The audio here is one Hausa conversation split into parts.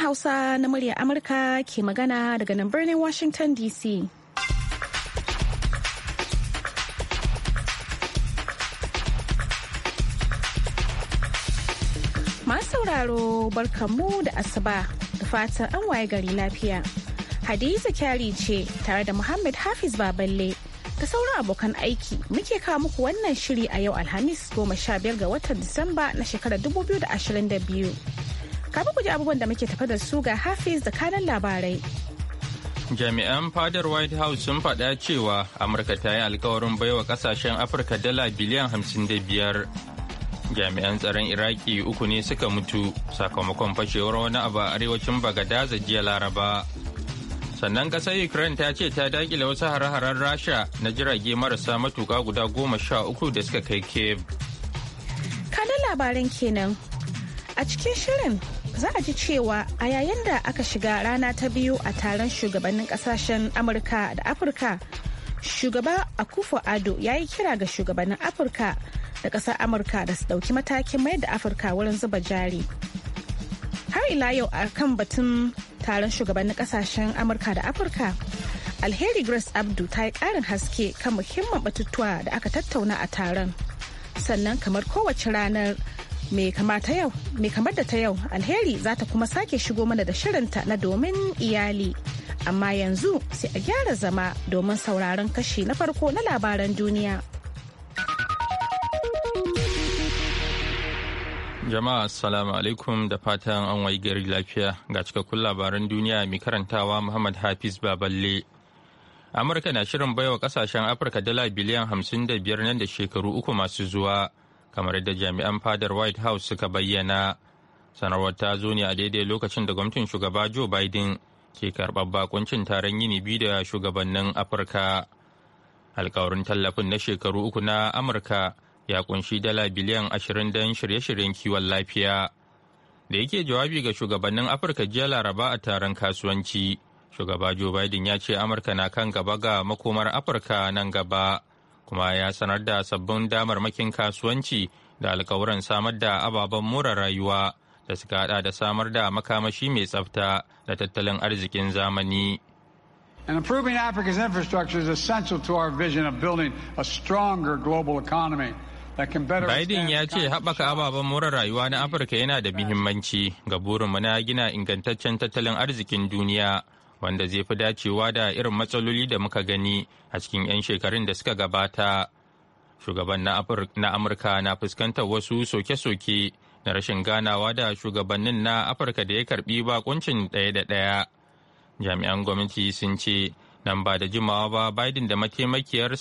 Hausa na murya Amurka ke magana daga nan birnin Washington DC. Masu sauraro barkanmu da asuba da fatan an waye gari lafiya. Hadiza kyari ce tare da Muhammad Hafiz Baballe ta sauran abokan aiki muke kawo muku wannan shiri a yau Alhamis 15 ga watan Disamba na shekarar 2022. Kafin ku ji abubuwan da muke tafa da su ga Hafiz da kanan labarai. Jami'an fadar White House sun faɗa cewa Amurka ta yi alkawarin baiwa kasashen Afirka dala biliyan hamsin da biyar. Jami'an tsaron Iraki uku ne suka mutu sakamakon fashewar wani abu a arewacin Bagadaza jiya Laraba. Sannan ƙasar Ukraine ta ce ta dakile wasu hare-haren Rasha na jirage marasa matuƙa guda goma sha uku da suka kai Kiev. Kanan kenan. A cikin shirin za a ji cewa a yayin da aka shiga rana ta biyu a taron shugabannin kasashen amurka da afirka shugaba akufo ado ya yi kira ga shugabannin afirka da kasar amurka da su ɗauki matakin mayar da afirka wurin zuba jari har ila yau a kan batun taron shugabannin kasashen amurka da afirka alheri grace abdu ta yi ƙarin haske kan muhimman batutuwa da aka tattauna a taron sannan kamar kowace ranar mai kamar da ta yau alheri za ta kuma sake shigo mana da shirinta na domin iyali amma yanzu sai a gyara zama domin sauraron kashi na farko na labaran duniya jama'a assalamu alaikum da fatan an wayi gari lafiya ga cikakkun labaran duniya mai karantawa muhammad hafiz baballe amurka na shirin baiwa kasashen afirka dala biliyan 55 nan da shekaru uku masu zuwa kamar yadda jami'an fadar white house suka bayyana sanarwar ta zo ne a daidai lokacin da gwamnatin shugaba joe biden ke karɓar bakuncin taron yini biyu da shugabannin afirka alkawarin tallafin na shekaru uku na amurka ya kunshi dala biliyan ashirin don shirye-shiryen kiwon lafiya da yake jawabi ga shugabannin afirka jiya laraba a taron kasuwanci shugaba joe biden ya ce amurka na kan gaba ga makomar afirka nan gaba kuma ya sanar da sabbin damarmakin kasuwanci da alkawuran samar da ababen more rayuwa da suka hada da samar da makamashi mai tsafta da tattalin arzikin zamani. And improving Africa's infrastructure is essential to our vision of building a stronger global economy. Biden ya ce haɓaka ababen more rayuwa na Afirka yana da muhimmanci ga burinmu na gina ingantaccen tattalin arzikin duniya wanda zai fi dacewa da irin matsaloli da muka gani a cikin 'yan shekarun da suka gabata. Shugaban na Amurka na fuskantar wasu soke-soke na rashin ganawa da shugabannin na Afirka da ya karbi bakuncin ɗaya da ɗaya. Jami'an gwamnati sun ce nan ba da jimawa ba Biden da mataimakiyar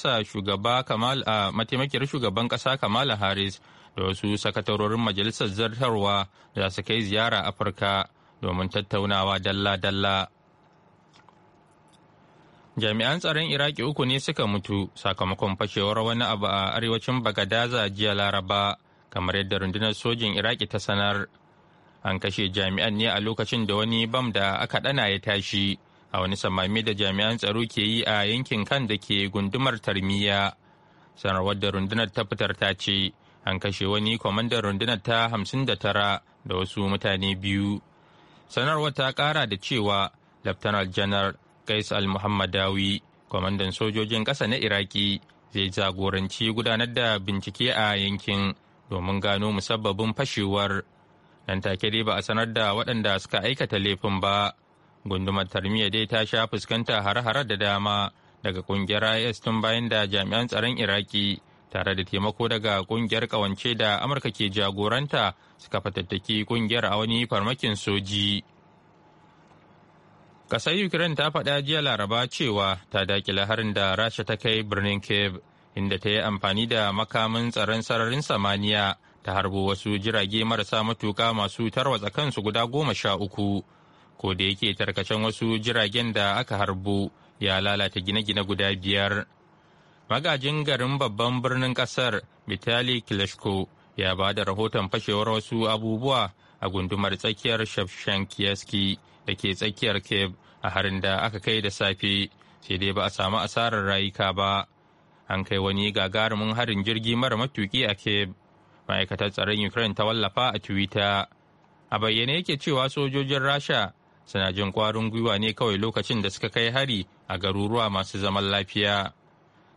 shugaban ƙasa Kamala Harris da wasu sakatarorin majalisar zartarwa za su kai ziyara Afirka domin tattaunawa dalla-dalla. jami'an tsaron iraki uku ne suka mutu sakamakon fashewar wani abu a arewacin bagadaza jiya laraba kamar yadda rundunar sojin iraki ta sanar an kashe jami'an ne a lokacin da wani bam da aka ɗana ya tashi a wani samami da jami'an tsaro ke yi a yankin kan da ke gundumar tarmiya sanarwar da rundunar ta fitar ta ce an kashe wani kwamandan rundunar ta hamsin da tara da wasu mutane biyu sanarwar ta kara da cewa laftanar janar Qais al-Muhammadawi, kwamandan sojojin ƙasa na Iraki, zai jagoranci gudanar da bincike a yankin domin gano musabbabin fashewar. Nan take dai ba a sanar da waɗanda suka aikata laifin ba. Gundumar Tarmiya dai ta sha fuskanta har harar da dama daga ƙungiyar IS tun bayan da jami'an tsaron Iraki tare da taimako daga ƙungiyar ƙawance da Amurka ke jagoranta suka fatattaki ƙungiyar a wani farmakin soji. Ƙasar Ukraine ta faɗa jiya Laraba cewa ta daƙile harin da Rasha ta kai birnin Kiev, inda ta yi amfani da makamin tsaron sararin samaniya ta harbo wasu jirage marasa matuƙa masu tarwatsa kansu guda goma sha uku. Ko da yake tarkacen wasu jiragen da aka harbo ya lalata gine-gine guda biyar. Magajin garin babban birnin ƙasar Vitali Klitschko ya ba da rahoton fashewar wasu abubuwa a gundumar tsakiyar shafshankiyaski da ke tsakiyar cape a harin da aka kai da safe sai dai ba a samu asarar rayuka ba an kai wani gagarumin harin jirgi mara matuki a cape ma'aikatar tsaron ukraine ta wallafa a twitter a bayyane yake cewa sojojin rasha suna jin kwarin gwiwa ne kawai lokacin da suka kai hari a garuruwa masu zaman lafiya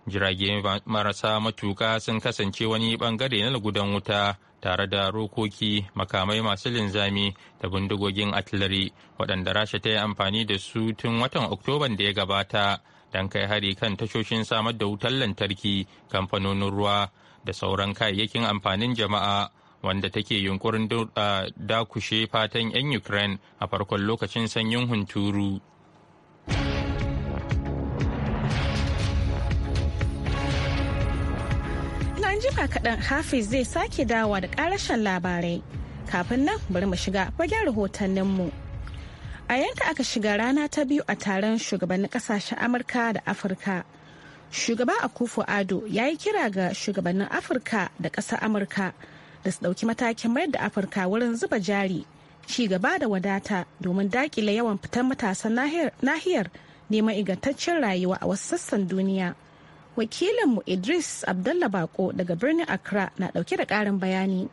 jirage marasa matuka sun kasance wani bangare na gudan wuta tare da rokoki makamai masu linzami da bindigogin atilari waɗanda rasha ta yi amfani da su tun watan oktoban da ya gabata don kai hari kan tashoshin samar da wutar lantarki kamfanonin ruwa da sauran kayayyakin amfanin jama'a wanda take yunkurin dakushe fatan 'yan ukraine a farkon lokacin sanyin hunturu. jima kaɗan hafiz zai sake dawa da ƙarashen labarai kafin nan bari mu shiga fagen mu. a yanka aka shiga rana ta biyu a taron shugabannin ƙasashen amurka da afirka shugaba a akufo ado ya yi kira ga shugabannin afirka da ƙasar amurka da su ɗauki matakin mayar da afirka wurin zuba jari ci gaba da wadata domin dakile yawan fitan matasan nahiyar neman ingantaccen rayuwa a wasu sassan duniya wakilinmu idris abdalla bako daga birnin accra na dauke da karin bayani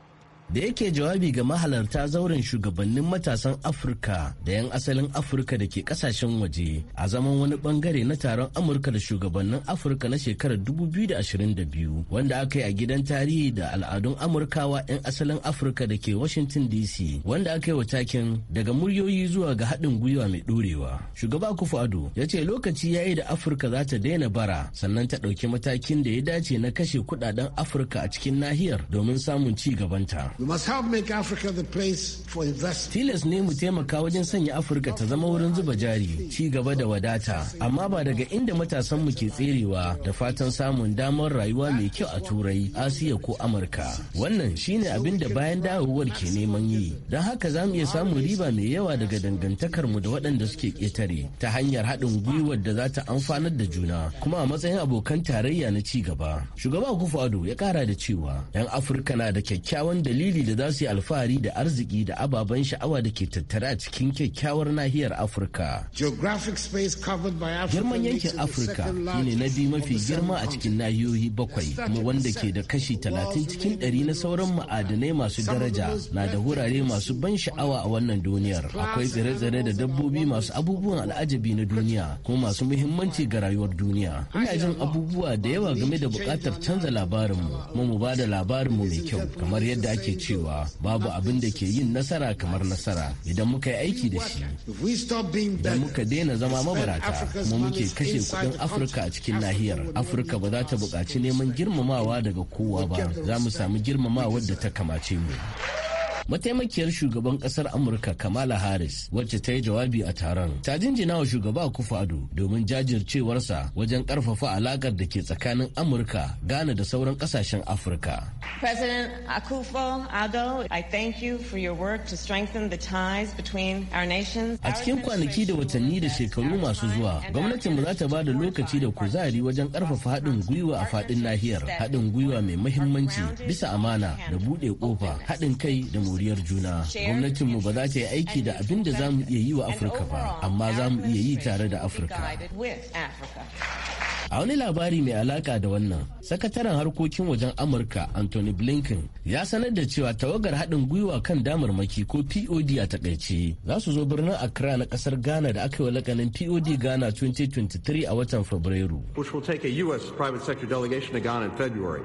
da yake jawabi ga mahalarta zauren shugabannin matasan afirka da 'yan asalin afirka da ke kasashen waje a zaman wani bangare na taron amurka da shugabannin afirka na shekarar 2022 wanda aka yi a gidan tarihi da al'adun amurkawa 'yan asalin afirka da ke washington dc wanda aka yi wa takin daga muryoyi zuwa ga haɗin gwiwa mai ɗorewa shugaba kufu ado ya ce lokaci ya yi da afirka za ta daina bara sannan ta ɗauki matakin da ya dace na kashe kuɗaɗen afirka a cikin nahiyar domin samun ci gabanta africa the Tilas ne mu taimaka wajen sanya Afirka ta zama wurin zuba jari, ci gaba da wadata, amma ba daga inda matasanmu ke tserewa da fatan samun damar rayuwa mai kyau a Turai, Asiya ko Amurka. Wannan shine abin da bayan dawowar ke neman yi. Don haka za mu iya samun riba mai yawa daga dangantakarmu da waɗanda suke ƙetare ta hanyar haɗin gwiwar da za ta amfanar da juna kuma a matsayin abokan tarayya na ci gaba. Shugaba kufado ya kara da cewa 'yan Afirka na da kyakkyawan dalili dalili da za su yi alfahari da arziki da ababen sha'awa da ke tattare a cikin kyakkyawar nahiyar afirka girman yankin afirka shine na biyu mafi girma a cikin nahiyoyi bakwai kuma wanda ke da kashi talatin cikin ɗari na sauran ma'adanai masu daraja na da wurare masu ban sha'awa a wannan duniyar akwai tsire-tsire da dabbobi masu abubuwan al'ajabi na duniya kuma masu muhimmanci ga rayuwar duniya ina jin abubuwa da yawa game da buƙatar canza labarinmu kuma mu ba da labarinmu mai kyau kamar yadda ake cewa babu abin da ke yin nasara kamar nasara idan muka yi aiki da shi idan muka daina zama mabarata kuma muke kashe kudin afirka a cikin nahiyar afirka ba za ta buƙaci neman girmamawa daga kowa ba za mu sami girmamawar da ta kamace mu mataimakiyar shugaban kasar amurka kamala harris wacce ta yi jawabi a taron ta jinjina wa shugaba kufadu domin jajircewarsa wajen karfafa alakar da ke tsakanin amurka ghana da sauran kasashen afirka a cikin kwanaki da watanni da shekaru masu zuwa gwamnatin mu za ta ba da lokaci da kuzari wajen karfafa haɗin gwiwa a faɗin nahiyar haɗin gwiwa mai mahimmanci bisa amana da buɗe ƙofa haɗin kai da motsi. moriyar juna gwamnatinmu ba za ta yi aiki da abin da za mu iya yi wa afirka ba amma za mu iya yi tare da afirka A wani labari mai alaka da wannan, sakataren harkokin wajen Amurka Anthony Blinken ya sanar da cewa tawagar haɗin gwiwa kan damarmaki ko POD a takaice za su zo birnin Accra na ƙasar Ghana da aka yi lakanin POD Ghana 2023 a watan Fabrairu.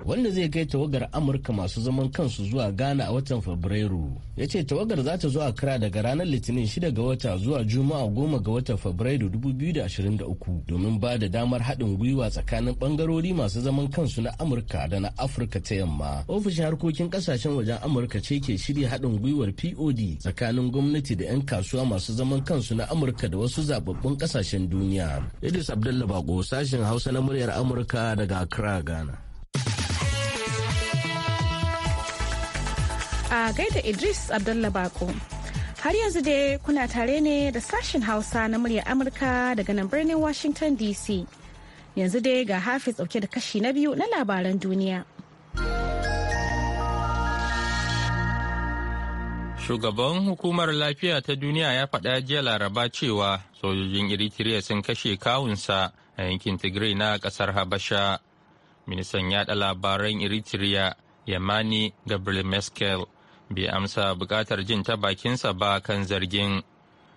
Wanda zai kai tawagar Amurka masu zaman kansu zuwa Ghana a watan Fabrairu. Ya ce tawagar za ta zo Accra daga ranar Litinin 6 ga wata zuwa Juma'a 10 ga watan Fabrairu 2023 domin ba da damar haɗin gwiwa gwiwa tsakanin bangarori masu zaman kansu na amurka da na afirka ta yamma ofishin harkokin kasashen wajen amurka ce ke shirya haɗin gwiwar pod tsakanin gwamnati da 'yan kasuwa masu zaman kansu na amurka da wasu zababbun kasashen duniya idris abdullahi bako sashen hausa na muryar amurka daga accra ghana a gaida idris abdullah bako Har yanzu dai kuna tare ne da sashen Hausa na muryar Amurka daga nan birnin Washington DC. Yanzu dai ga Hafiz dauke da kashi na biyu na labaran duniya. Shugaban hukumar lafiya ta duniya ya faɗa jiya laraba cewa sojojin Eritrea sun kashe kawunsa a yankin Tigray na ƙasar Habasha. Ministan yaɗa labaran Eritrea Yamani Gabriel Meskel bai amsa buƙatar jin ta bakinsa ba kan zargin.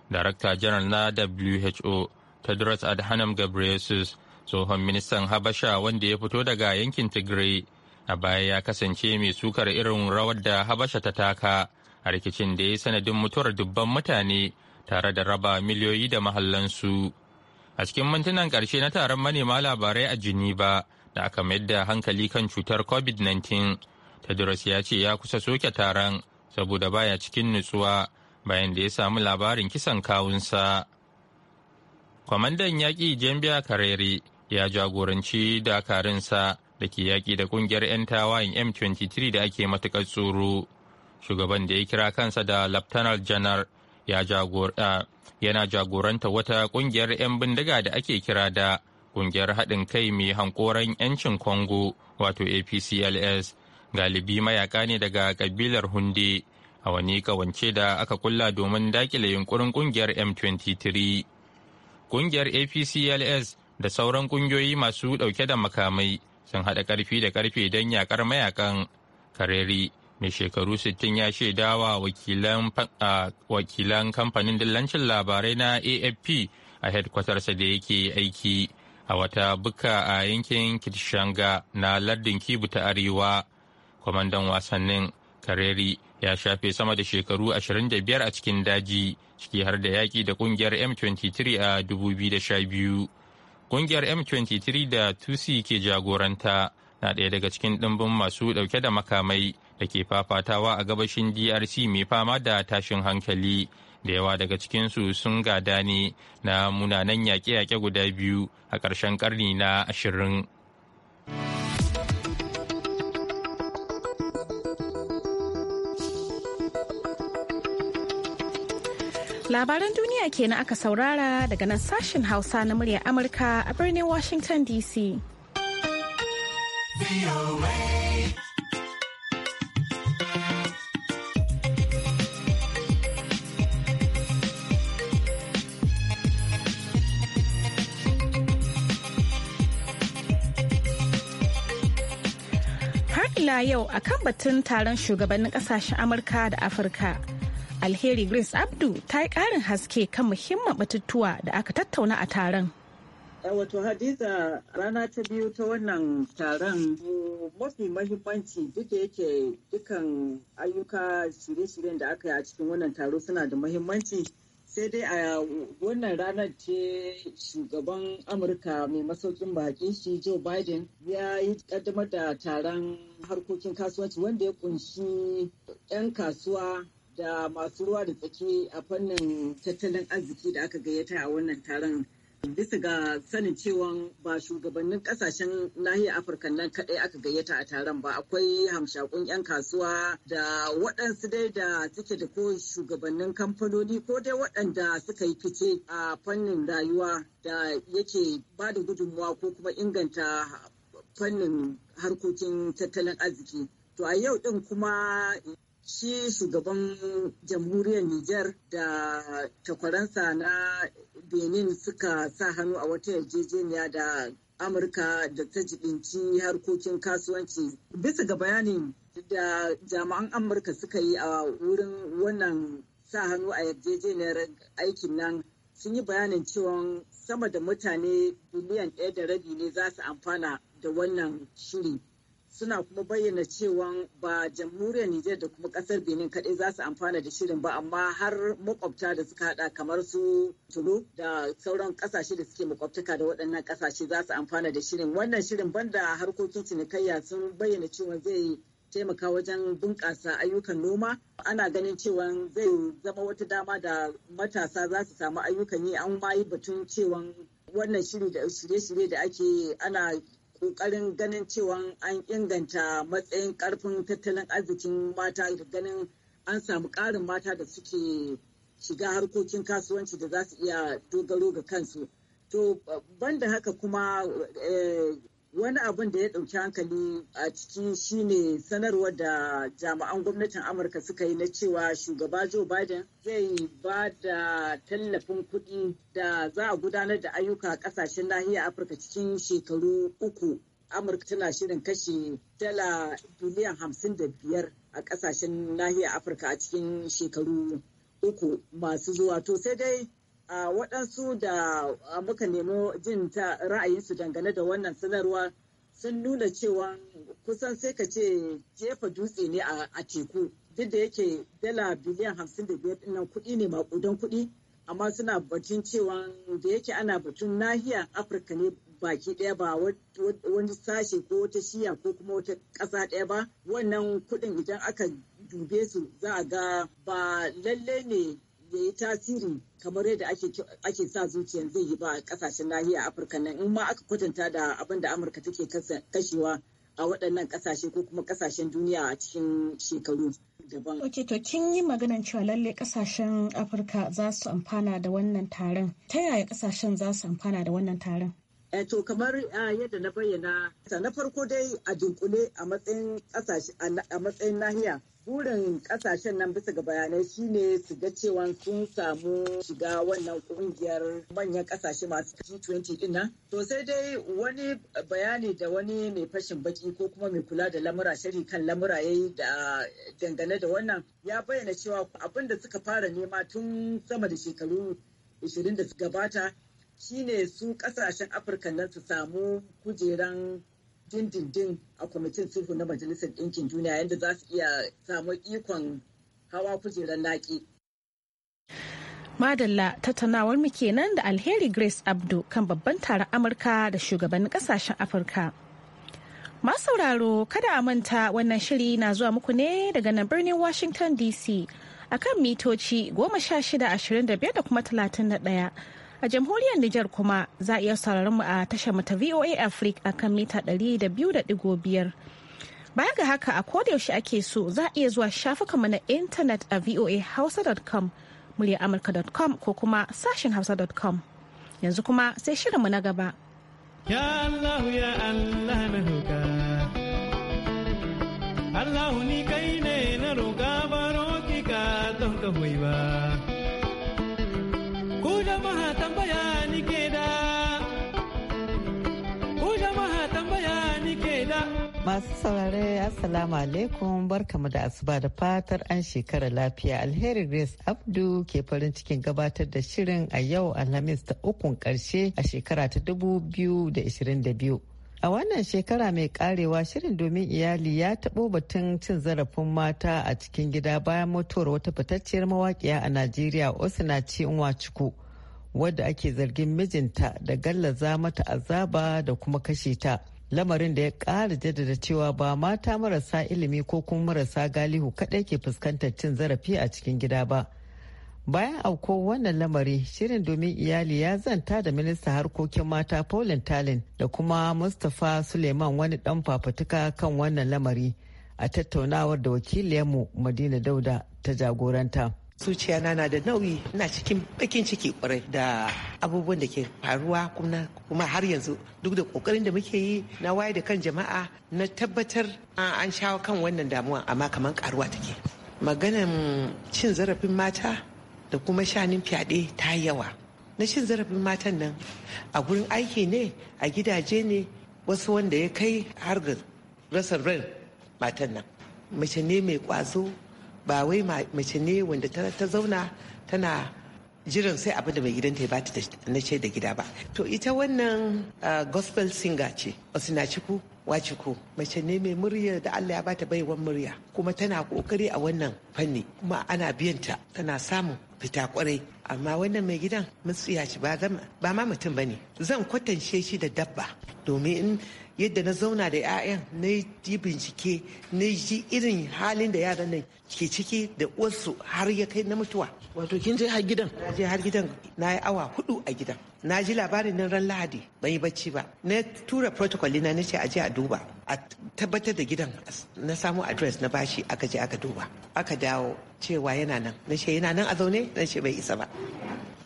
Darakta janar na WHO Tedros Adhanom Ghebreyesus tsohon ministan habasha wanda ya fito daga yankin tigray a baya ya kasance mai sukar irin rawar da habasha ta taka a rikicin da ya sanadin mutuwar dubban mutane tare da raba miliyoyi da mahallansu a cikin mintunan ƙarshe na taron manema labarai a geneva da aka mayar da hankali kan cutar covid-19 tedros ya ce ya kusa soke taron saboda baya cikin nutsuwa bayan da ya samu labarin kisan kawunsa kwamandan yaƙi jambiya kareri ya jagoranci dakarinsa da ke yaƙi da ƙungiyar 'yan tawayin M23 da ake matuƙar tsoro. Shugaban da ya kira kansa da Laftanar Janar yana jagoranta wata ƙungiyar 'yan bindiga da ake kira da ƙungiyar haɗin kai mai hankoran 'yancin Congo wato APCLS galibi mayaka ne daga ƙabilar Hunde a wani kawance da aka kulla domin dakile yunkurin ƙungiyar M23. Ƙungiyar APCLS da sauran kungiyoyi masu dauke da makamai sun haɗa ƙarfi da ƙarfe don yakar mayakan kareri mai shekaru 60 ya shaidawa wakilan kamfanin dillancin labarai na afp a hedkwatarsa da yake aiki a wata buka a yankin kitshanga na lardin kibu ta arewa kwamandan wasannin kareri ya shafe sama da shekaru 25 a cikin daji ciki har da yaƙi da ƙungiyar m23 a 2012 Ƙungiyar M23 da Tusi ke jagoranta na ɗaya daga cikin ɗimbin masu ɗauke da makamai da ke fafatawa a gabashin DRC mai fama da tashin hankali. Da yawa daga cikinsu sun gada ne na munanan yaƙe-yaƙe guda biyu a ƙarshen ƙarni na ashirin. Labaran duniya kenan aka saurara daga nan sashen Hausa na muryar Amurka a birnin Washington DC. Har ila yau akan batun taron shugabannin kasashen Amurka da Afirka. Alheri Grace Abdu ta yi ƙarin haske kan muhimman batutuwa da aka tattauna a taron. Eh, wato hadiza rana ta biyu ta wannan taron mafi mahimmanci duk da yake dukan ayyuka shirye-shiryen da aka yi a cikin wannan taro suna da mahimmanci sai dai a wannan ranar ce shugaban amurka mai masaukin baki shi joe biden ya yi kaddamar da taron harkokin kasuwanci wanda ya kunshi 'yan kasuwa da masu ruwa da tsaki a fannin tattalin arziki da aka gayyata a wannan taron bisa ga sanin cewa ba shugabannin kasashen nahiyar afirka nan kadai aka gayyata a taron ba akwai hamshakun 'yan kasuwa da waɗansu dai da suke da ko shugabannin kamfanoni ko dai waɗanda suka yi fice a fannin rayuwa da yake ba da gudunmuwa ko kuma inganta fannin harkokin tattalin arziki to a yau din kuma shi shugaban jamhuriyar Nijar da takwaransa na Benin suka sa hannu a wata yarjejeniya da Amurka da ta jibinci harkokin kasuwanci. Bisa ga bayanin da jami'an Amurka suka yi a wurin wannan sa hannu a yarjejeniyar aikin nan sun yi bayanin cewa sama da mutane biliyan ɗaya da rabi ne za su amfana da wannan shiri. suna kuma bayyana cewa ba jamhuriyar Nijar da kuma kasar Benin kaɗai za su amfana da shirin ba amma har makwabta da suka hada kamar su Tulu da sauran kasashe da suke makwabtaka da waɗannan kasashe za su amfana da shirin wannan shirin banda harkokin cinikayya sun bayyana cewa zai taimaka wajen bunƙasa ayyukan noma ana ganin cewa zai zama wata dama da matasa za su samu ayyukan yi an ma batun cewa wannan shiri da shirye-shirye da ake ana ƙoƙarin ganin cewa an inganta matsayin ƙarfin tattalin arzikin mata da ganin an samu ƙarin mata da suke shiga harkokin kasuwanci da za su iya dogaro ga kansu. To banda haka kuma eh, wani abin da ya ɗauki hankali a ciki shine sanarwar da jami'an gwamnatin amurka suka yi na cewa shugaba joe biden zai ba da tallafin kuɗi da za a gudanar da ayyuka ƙasashen nahiyar afirka cikin shekaru uku amurka tana shirin kashe dala biliyan hamsin da biyar a ƙasashen nahiyar afirka a cikin shekaru uku masu zuwa to sai dai a waɗansu da muka nemo jin ta ra'ayinsu dangane da wannan sanarwa sun nuna cewa kusan sai ka ce jefa dutse ne a teku duk da yake dala biliyan hamsin da biyar ɗinnan kuɗi ne maƙudan kuɗi amma suna batun cewa da yake ana batun nahiyar afirka ne baki ɗaya ba wani sashe ko wata shiya ko kuma wata ƙasa ɗaya ba wannan kuɗin idan aka dube su za a ga ba lalle ne ya yi tasiri kamar yadda ake sa zuciya zai yi ba a kasashen nahiya afirka nan in ma aka kwatanta da abin da amurka take kashewa a waɗannan kasashe ko kuma kasashen duniya a cikin shekaru daban. Ok, to kin yi maganan cewa lalle kasashen Afirka za su amfana da wannan taron. Ta yaya kasashen za su amfana da wannan taron? Eh, to kamar ah, yadda na bayyana na farko dai a dunkule a matsayin nahiya burin kasashen nan bisa ga bayanai shine su ga cewa sun samu shiga wannan kungiyar manyan kasashe masu G20 dinnan. sai dai wani bayani da wani mai fashin baki ko kuma mai kula da lamura shari kan lamura yayi da dangane da wannan ya bayyana cewa abin da suka fara nema tun sama da shekaru 20 da su gabata shine su kasashen afirka nan su samu kujeran dindindin a kwamitin sulhu na majalisar ɗinkin duniya yadda za su iya samu ikon hawa kujeran naƙi. Madalla tattaunawar mu kenan da Alheri Grace Abdu kan babban taron Amurka da shugabannin kasashen Afirka. Masu sauraro kada a manta wannan shiri na zuwa muku ne daga nan birnin Washington DC akan mitoci 1625 da kuma 31 A jamhuriyar Nijar kuma za a iya sauraron mu a tashar mu ta VOA Africa a kan mita 200.5. Baya ga haka a yaushe ake so za a iya zuwa mu na intanet a voahausa.com, muryaamurka.com ko kuma sashen hausa.com. Yanzu kuma sai shirinmu na gaba. Ya Allah ya Allah na roƙa. Allah ni kai ne na roka baro ki ka don ka ba. Masu saurare Assalamu alaikum barkamu da asuba da fatar an shekara lafiya alheri Grace Abdu ke farin cikin gabatar da shirin a yau Alhamis ta ukun karshe a shekara ta 2022. A wannan shekara mai karewa shirin domin iyali ya taɓo batun cin zarafin mata a cikin gida bayan mutuwar wata fitacciyar mawaƙiya a Najeriya inwa Nwachukwu wadda ake zargin mijinta da gallaza mata azaba da kuma kashe ta. lamarin da ya ƙara jaddada cewa ba mata marasa ilimi ko kuma marasa galihu kaɗai ke fuskantar cin zarafi a cikin gida ba bayan auko wannan lamari shirin domin iyali ya zanta da minista harkokin mata paulin talin da kuma mustapha suleiman wani ɗan fafatuka kan wannan lamari a tattaunawar da wakiliyarmu madina dauda ta jagoranta. zuciya na da nauyi ina cikin bakin ciki kwarai da abubuwan da ke faruwa kuma har yanzu duk da kokarin da muke yi na waye da kan jama'a na tabbatar an shawo kan wannan damuwa amma kamar karuwa take maganan cin zarafin mata da kuma shanin fyaɗe ta yawa na cin zarafin matan nan a gurin aiki ne a gidaje ne wasu wanda ya kai har ga rasa ran matan nan mace ne mai kwazo ba wai mace ne wanda ta zauna tana jiran sai abin da mai gidanta ya bata na ce da gida ba to ita wannan gospel singer ce ciku waciku mace ne mai murya da Allah ya bata baiwan murya kuma tana kokari a wannan fanni kuma ana biyanta tana samun fita kwarai amma wannan mai gidan shi ba ba ma mutum bane zan kwatance shi da dabba domin in yadda na zauna da 'ya'yan na yi bincike na ji irin halin da yaran nan ke ciki da wasu har ya kai na mutuwa wato kin je har gidan na je har gidan na yi awa hudu a gidan na ji labarin nan ran lahadi ban yi bacci ba na tura protocol na nace a je a duba a tabbatar da gidan na samu address na bashi aka je aka duba aka dawo cewa yana nan na ce yana nan a zaune na ce bai isa ba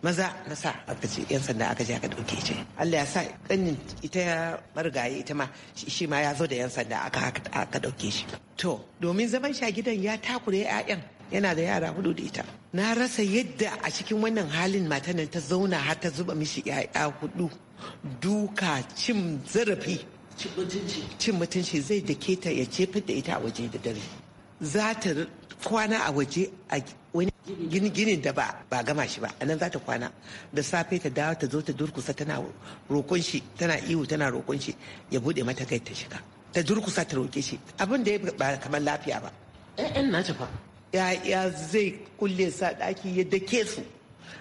maza na sa a yan sanda aka je aka dauke shi. Allah ya sa kanin ita ya marigayi ita ma shi ma ya zo da yan sanda aka aka dauke shi to domin zaman sha gidan ya takure 'ya'yan yana da yara hudu da ita na rasa yadda a cikin wannan halin matan nan ta zauna har ta zuba mishi ya'ya hudu duka cin zarafi cin mutunci zai da ta ya ce da ita a waje da dare za ta kwana a waje a wani ginin da ba ba gama shi ba anan nan za ta kwana da safe ta dawo ta zo ta durkusa tana roƙon shi tana ihu tana roƙon shi ya bude mata kai ta shiga ta durkusa ta roƙe shi abin da ya ba kamar lafiya ba ƴaƴan na ta fa ya zai kulle sa ɗaki ya dake su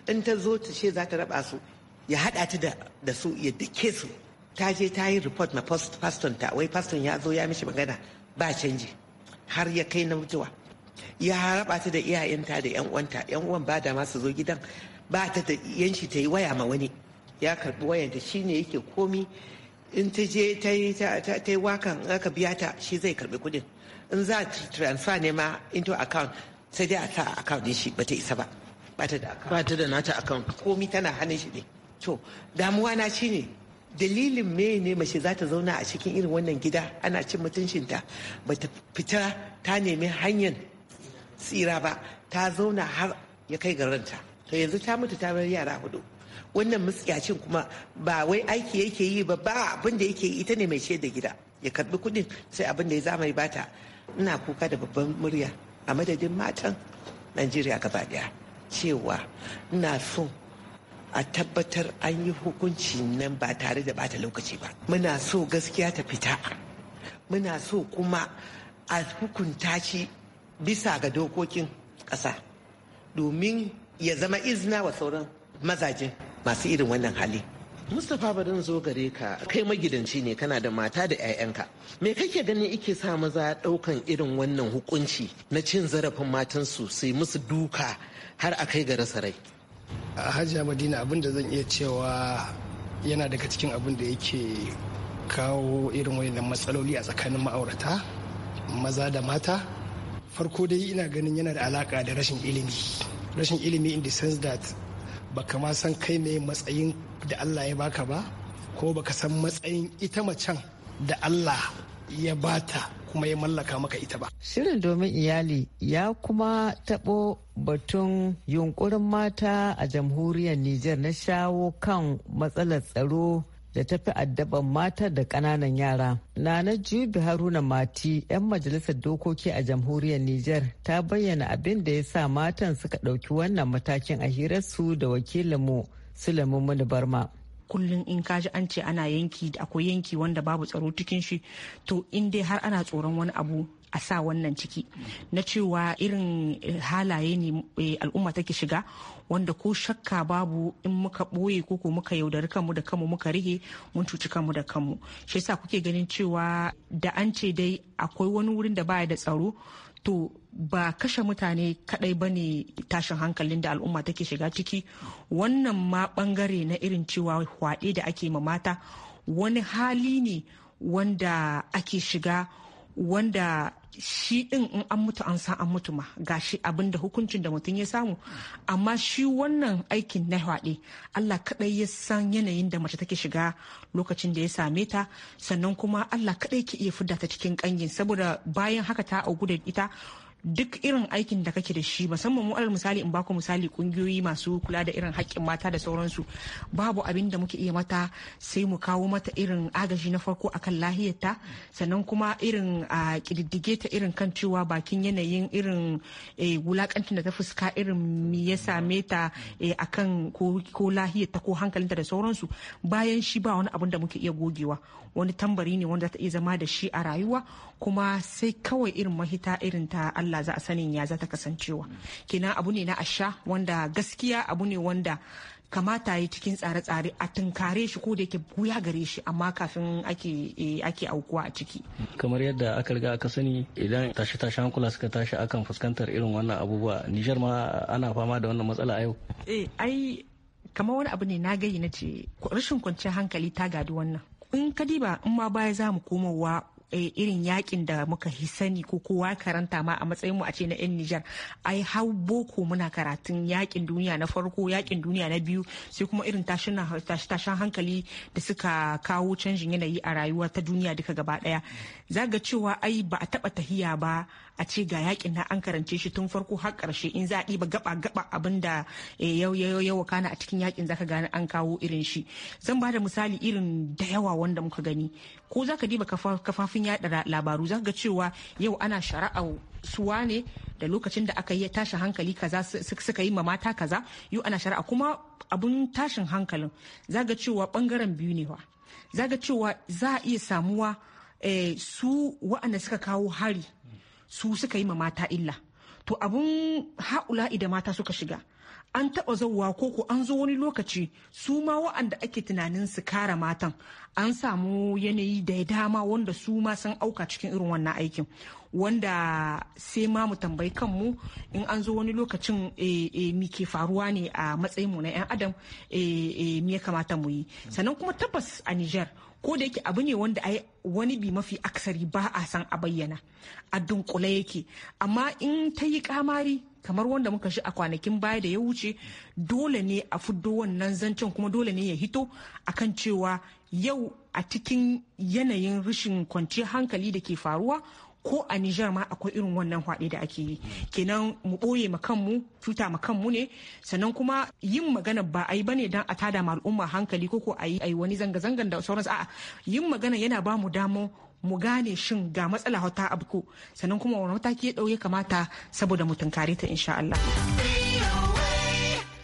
in ta zo ta ce za ta raba su ya haɗa ta da su ya dake su ta je ta yi report ma paston ta wai faston ya zo ya mishi magana ba canji har ya kai na mutuwa ya haraba ta da iyayenta da yan uwanta yan uwan ba da masu zo gidan ba ta da yanci ta yi waya ma wani ya karbi wayanta shine yake komi in ta je ta yi wakan aka biya ta shi zai karbi kudin in za transfer ne ma into account sai dai a sa account din shi ba ta isa ba ba ta da account ba ta da nata account komi tana hannun shi ne to damuwa na shine dalilin me ne mace za ta zauna a cikin irin wannan gida ana cin mutuncinta ba ta fita ta nemi hanyar tsira ba ta zauna har ya kai ga ranta to yanzu ta mutu ta bar yara hudu wannan mutsiyacin kuma ba wai aiki yake yi ba ba abin da yake yi ita ne mai ce da gida ya karbi kudin sai abin da ya zama ya bata ina kuka da babban murya a madadin matan najeriya gaba daya cewa ina so a tabbatar an yi hukunci nan ba tare da bata lokaci ba muna so gaskiya ta fita muna so kuma a hukunta shi bisa ga dokokin ƙasa domin ya zama izina wa sauran mazajin. masu irin wannan hali mustapha barin zo gare ka kai magidanci ne kana da mata da 'ya'yanka me kake ganin ike sa maza ɗaukan irin wannan hukunci na cin zarafin matansu su yi musu duka har a kai ga rasa rai a hajiya madina abin da zan iya cewa yana daga cikin abin da yake kawo irin wannan matsaloli a tsakanin ma'aurata maza da mata farko dai ina ganin yana da alaka da rashin ilimi rashin ilimi in the sense that baka ma san kai mai matsayin da Allah ya baka ba ko baka san matsayin ita macen da Allah ya bata kuma ya mallaka maka ita ba. Shirin domin iyali ya kuma tabo batun yunkurin mata a jamhuriyar Nijar na shawo kan matsalar tsaro da ta fi addaban mata da ƙananan yara. Nana Jubi Haruna Mati, 'yan majalisar dokoki a jamhuriyar Nijar, ta bayyana abin da ya sa matan suka ɗauki wannan matakin a hirarsu da wakilinmu Sulaiman Muni Barma. kullum in kaji an ce ana yanki akwai yanki wanda babu tsaro cikin shi to in dai har ana tsoron wani abu a sa wannan ciki na cewa irin eh, halaye ne eh, al'umma take shiga wanda ko shakka babu in muka ɓoye ko ko muka yaudari kanmu da kanmu muka rihe mun cuci kanmu da kanmu shi yasa kuke ganin cewa da an ce dai akwai wani wurin da baya da tsaro to ba kashe mutane kadai ba ne tashin hankalin da al'umma take shiga ciki wannan ma bangare na irin cewa hwaɗe da ake ma mata wani hali ne wanda ake shiga wanda shi din in an mutu an san an mutu ma gashi abin da hukuncin da mutum ya samu amma shi wannan aikin na haɗe Allah kaɗai ya san yanayin da mace take shiga lokacin da ya same ta sannan kuma Allah kaɗai ke iya fidda ta cikin ƙangin saboda bayan haka ta auku da ita duk irin aikin da kake da shi musamman mu alal misali in baku misali kungiyoyi masu kula da irin haƙƙin mata da sauransu babu abin da muke iya mata sai mu kawo mata irin agaji na farko akan lahiyarta sannan kuma irin a kididdige ta irin kan cewa bakin yanayin irin e, wulakancin da ta fuska irin me ya same ta e, akan ko lahiyarta ko hankalinta da sauransu bayan shi ba wani abin da muke iya gogewa wani tambari ne wanda ta iya zama da shi a rayuwa kuma sai kawai irin mahita irin ta Allah za a sanin ya za ta kasancewa kenan abu ne na asha wanda gaskiya abu ne wanda kamata yi cikin tsare-tsare a tunkare shi ko da yake buya gare shi amma kafin ake eh, aukuwa a ciki. kamar yadda aka riga aka sani idan tashi tashi hankula suka tashi akan fuskantar irin wannan abubuwa nijar ma ana fama da wannan matsala a yau. eh ai kamar wani abu ne na gayi na ce rashin kwanciyar hankali ta gadi wannan in kadiba in ma baya za mu komowa Eh, irin yakin da muka hi sani ko kowa karanta ma a matsayin mu a ce na yan Nijar ai hau boko muna karatun yakin duniya na farko yakin duniya na biyu sai kuma irin tashin hankali da suka kawo canjin yanayi a rayuwa ta duniya duka gaba daya zaga cewa ai ba a taba tahiya ba a ce ga yakin na an karance shi tun farko har karshe in za a ɗiba gaba gaba abin da yau eh, yau kana a cikin yakin zaka gani an kawo irin shi zan ba da misali irin da yawa wanda muka gani ko zaka diba kafafin kafofin yada labaru zan ga cewa yau ana shari'a suwa ne da lokacin da aka yi tashin hankali kaza suka yi ma mata kaza yau ana shara'a kuma abun tashin hankalin za ga cewa bangaren biyu ne wa za cewa za a iya samuwa eh, su wa'anda suka kawo hari su suka yi ma mata illa to abun haƙula idan mata suka shiga an taɓa zauwa ko ko an zo wani lokaci su ma wa'anda ake tunanin su kara matan an samu yanayi da dama wanda su ma sun auka cikin irin wannan aikin wanda sai ma mu tambayi kanmu in an zo wani lokacin eh, eh, e, mi ke faruwa ne a matsayin mu na 'yan adam e, e, ya kamata mu yi sannan kuma tabbas a Nijar ko da yake abu ne wanda ai wani bi mafi aksari ba a san a bayyana a dunkule yake amma in ta yi kamari kamar wanda muka shi a kwanakin baya da ya wuce dole ne a fuddo wannan zancen kuma dole ne ya hito akan cewa yau a cikin yanayin rashin kwanciyar hankali da ke faruwa ko a Nijar ma akwai irin wannan fyaɗe da ake yi kenan mu ɓoye ma kanmu cuta ma kanmu ne sannan kuma yin magana ba a yi bane dan a tada ma al'umma hankali ko ko a yi wani zanga-zangan da sauransu a'a yin magana yana ba mu damo mu gane shin ga matsala abu ko sannan kuma wani mataki ya ɗauke kamata saboda mu tunkare ta insha Allah.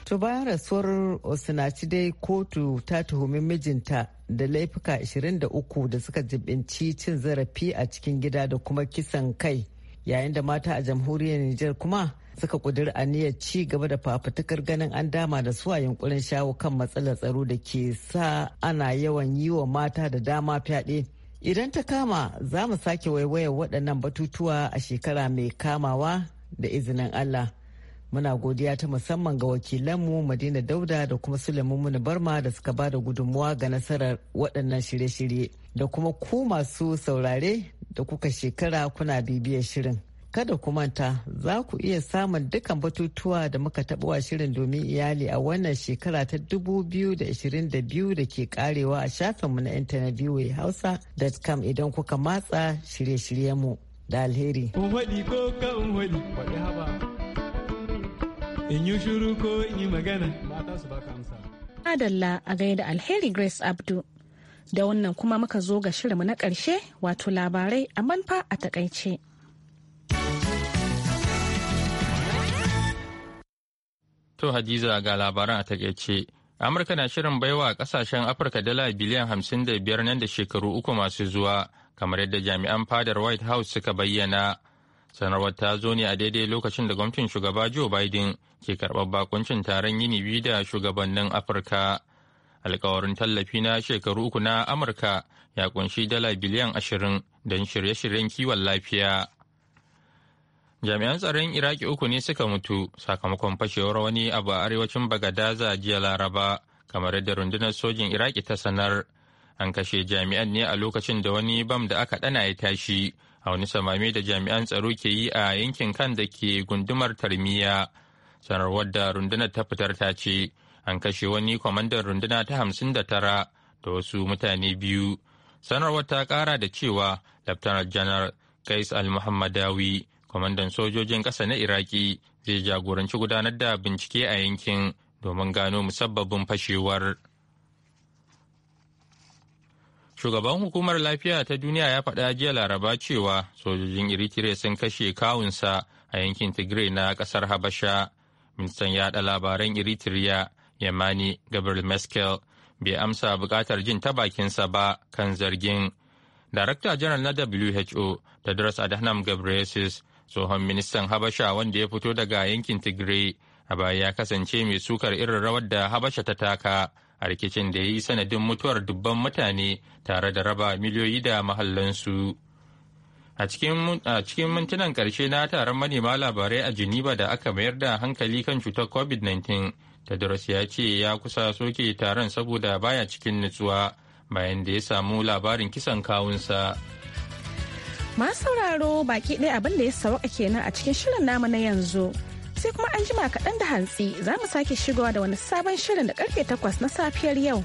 To bayan rasuwar Osinaci dai kotu ta tuhumi mijinta da laifuka 23 da suka jibinci cin zarafi a cikin gida da kuma kisan kai yayin da mata a jamhuriyar Nijar kuma suka a aniyar ci gaba da fafutukar ganin an dama da su a yunkurin shawo kan matsalar tsaro da ke sa ana yawan yi wa mata da dama fyaɗe. Idan ta kama za mu sake waiwayar waɗannan batutuwa a shekara mai kamawa da izinin Allah. Muna godiya ta musamman ga wakilanmu Madina Dauda da kuma Suleiman muna Barma da suka ba da gudunmuwa ga nasarar waɗannan shirye-shirye da kuma ku masu saurare da kuka shekara kuna bibiyar shirin. Kada ku manta za ku iya samun dukkan batutuwa da muka taɓa shirin domin iyali a wannan shekara ta 2022 da ke karewa a shafinmu na intanet hausa.com idan kuka matsa shirye-shiryenmu da alheri. in yi shuru ko in yi magana mata su baka amsa adalla a gaida alheri grace abdu da wannan kuma muka zo ga shirinmu na ƙarshe wato labarai a manfa a takaice to hadiza ga labaran a takaice amurka na shirin baiwa kasashen afirka dala biliyan hamsin da biyar nan da shekaru uku masu zuwa kamar yadda jami'an fadar white house suka bayyana sanarwar ta zo ne a daidai lokacin da gwamnatin shugaba joe biden ke karɓar bakuncin taron yini biyu da shugabannin Afirka. Alkawarin tallafi na shekaru uku na Amurka ya kunshi dala biliyan ashirin don shirye-shiryen kiwon lafiya. Jami'an tsaron Iraki uku ne suka mutu sakamakon fashewar wani abu a arewacin Bagadaza jiya Laraba, kamar yadda rundunar sojin Iraki ta sanar. An kashe jami'an ne a lokacin da wani bam da aka ɗana ya tashi a wani samame da jami'an tsaro ke yi a yankin kan da ke gundumar tarmiya. sanarwar da rundunar ta fitar ta ce an kashe wani kwamandan runduna ta hamsin da tara da wasu mutane biyu sanarwar ta kara da cewa laftanar janar kais al-muhammadawi kwamandan sojojin ƙasa na iraki zai jagoranci gudanar da bincike a yankin domin gano musabbabin fashewar shugaban hukumar lafiya ta duniya ya faɗa jiya laraba cewa sojojin iritire sun kashe kawunsa a yankin tigray na ƙasar habasha ministan yaɗa labaran eritrea yamani gabriel meskel bai amsa buƙatar jin ta bakinsa ba kan zargin darakta janar na who tedros adhanom ghebreyesus tsohon ministan habasha wanda ya fito daga yankin tigray a baya ya kasance mai sukar irin rawar da habasha ta taka a rikicin da ya yi sanadin mutuwar dubban mutane tare da raba miliyoyi da mahallansu. a cikin mintunan ƙarshe na taron manema labarai a geneva da aka mayar da hankali kan cutar covid-19 tedros ya ce ya kusa soke taron saboda baya cikin nutsuwa bayan da ya samu labarin kisan kawunsa masu sauraro baki ɗaya abin da ya sauka kenan a cikin shirin namu na yanzu sai kuma an jima kaɗan da hantsi za mu sake shigowa da wani sabon shirin da karfe takwas na safiyar yau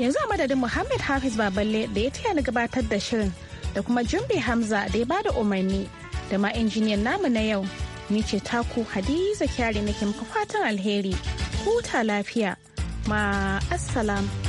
yanzu a madadin muhammad hafiz baballe da ya taya ni gabatar da shirin da kuma Jumbe Hamza da ya bada umarni da ma injiniyan namu na yau. Ni ce taku Hadiza Kyari nake muku fatan alheri. Huta lafiya. Ma